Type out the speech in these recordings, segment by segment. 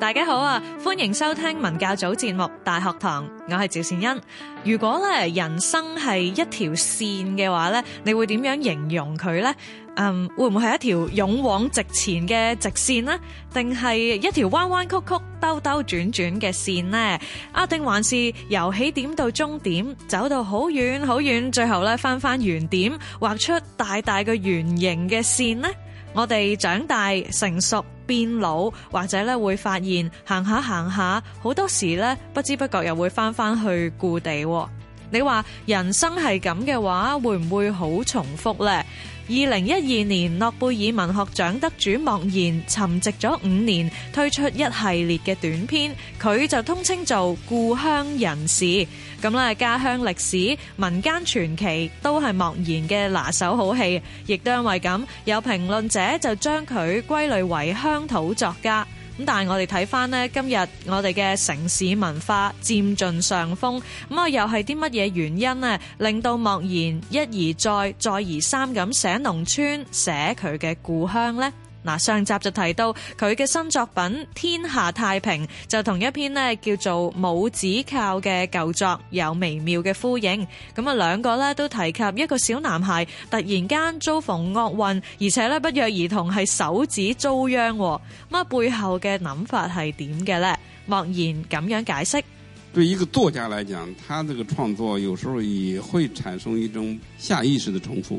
大家好啊，歡迎收聽文教組節目《大學堂》，我係趙善恩。如果咧人生係一條線嘅話咧，你會點樣形容佢呢？嗯，會唔會係一條勇往直前嘅直線呢？定係一條彎彎曲曲、兜兜轉轉嘅線呢？啊，定還是由起點到終點走到好遠好遠，最後咧返返原點，畫出大大個圓形嘅線呢？我哋長大成熟變老，或者咧會發現，行下行下，好多時咧不知不覺又會返返去故地。你話人生係咁嘅話，會唔會好重複呢？二零一二年諾貝爾文學獎得主莫言沉寂咗五年，推出一系列嘅短篇，佢就通稱做故鄉人事。咁咧，家鄉歷史、民間傳奇都係莫言嘅拿手好戲，亦都因為咁，有評論者就將佢歸類為鄉土作家。咁但係我哋睇翻呢，今日我哋嘅城市文化佔盡上風，咁啊又係啲乜嘢原因呢令到莫言一而再、再而三咁寫農村、寫佢嘅故鄉呢？嗱，上集就提到佢嘅新作品《天下太平》，就同一篇叫做《拇指銬》嘅舊作有微妙嘅呼應。咁啊，兩個都提及一個小男孩突然間遭逢惡運，而且不約而同係手指遭殃。咁啊，背後嘅諗法係點嘅呢？莫言咁樣解釋：對一個作家來講，他這個創作有時候也會產生一種下意識的重複。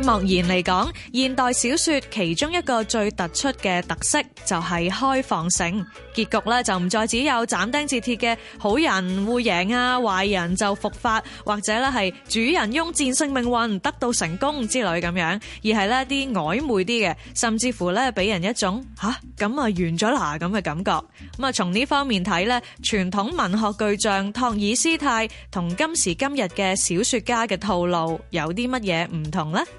最莫言嚟講，現代小說其中一個最突出嘅特色就係開放性結局咧，就唔再只有斬釘截鐵嘅好人會贏啊，壞人就復法，或者咧係主人翁戰勝命運得到成功之類咁樣，而係呢一啲曖昧啲嘅，甚至乎呢俾人一種吓咁啊，完咗啦咁嘅感覺。咁啊，從呢方面睇呢，傳統文學巨匠托爾斯泰同今時今日嘅小說家嘅套路有啲乜嘢唔同呢？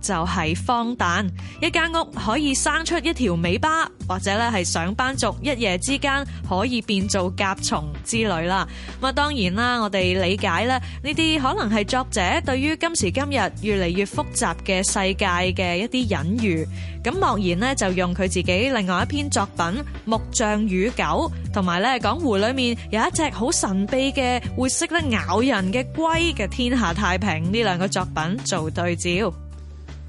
就係荒誕，一間屋可以生出一條尾巴，或者咧係上班族一夜之間可以變做甲蟲之類啦。咁啊，當然啦，我哋理解咧呢啲可能係作者對於今時今日越嚟越複雜嘅世界嘅一啲隱喻。咁莫言呢，就用佢自己另外一篇作品《木匠與狗》，同埋咧講湖裏面有一隻好神秘嘅會識得咬人嘅龜嘅《天下太平》呢兩個作品做對照。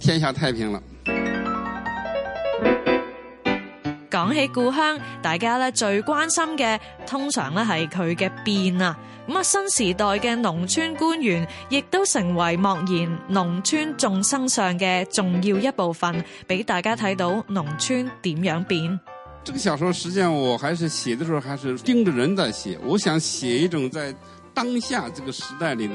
天下太平了。講起故鄉，大家咧最關心嘅，通常咧係佢嘅變啊。咁啊，新時代嘅農村官員，亦都成為莫言農村眾生上嘅重要一部分，俾大家睇到農村點樣變。這個小說，實際上我還是寫的時候，還是盯着人在寫。我想寫一種在當下這個時代裏的。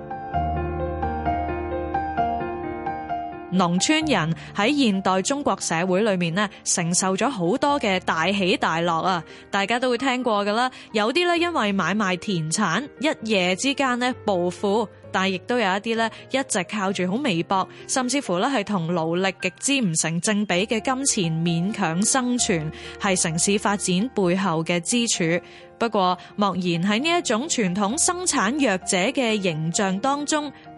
農村人喺現代中國社會裏面呢，承受咗好多嘅大起大落啊！大家都會聽過噶啦，有啲呢因為買賣田產一夜之間呢暴富，但係亦都有一啲呢一直靠住好微薄，甚至乎呢係同勞力極之唔成正比嘅金錢勉強生存，係城市發展背後嘅支柱。不過莫言喺呢一種傳統生產弱者嘅形象當中。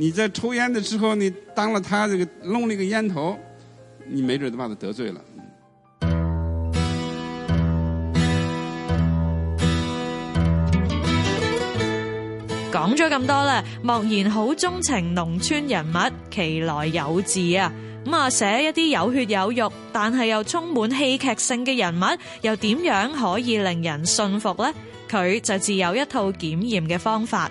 你在抽煙的時候，你當了他這個弄了個煙頭，你沒準就把他得罪了。講咗咁多啦，莫言好鍾情農村人物，其來有自啊。咁啊，寫一啲有血有肉，但係又充滿戲劇性嘅人物，又點樣可以令人信服呢？佢就自有一套檢驗嘅方法。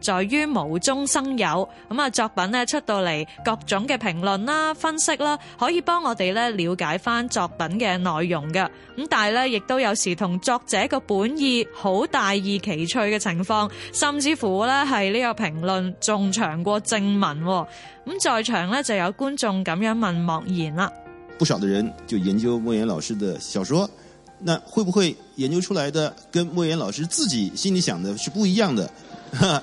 在於無中生有咁啊！作品咧，出到嚟，各種嘅評論啦、分析啦，可以幫我哋咧了解翻作品嘅內容嘅。咁但係咧，亦都有時同作者個本意好大異其趣嘅情況，甚至乎咧係呢個評論仲長過正文。咁在場咧就有觀眾咁樣問莫言啦。不少的人就研究莫言老師的小說，那會不會研究出來的跟莫言老師自己心裏想的是不一樣的？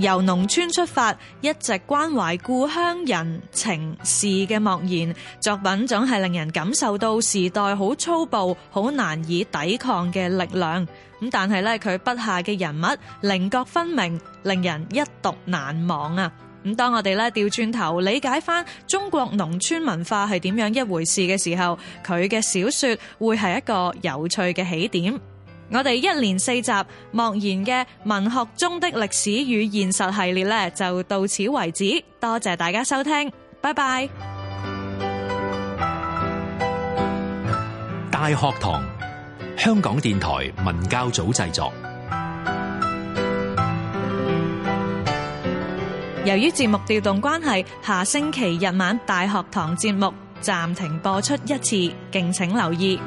由農村出發，一直關懷故鄉人情事嘅莫言作品，總係令人感受到時代好粗暴、好難以抵抗嘅力量。咁但係咧，佢筆下嘅人物稜角分明，令人一讀難忘啊！咁當我哋咧調轉頭理解翻中國農村文化係點樣一回事嘅時候，佢嘅小說會係一個有趣嘅起點。我哋一連四集莫言嘅文學中的歷史與現實系列咧，就到此為止。多謝大家收聽，拜拜。大學堂，香港電台文教組製作。由於節目調動關係，下星期日晚大學堂節目暫停播出一次，敬請留意。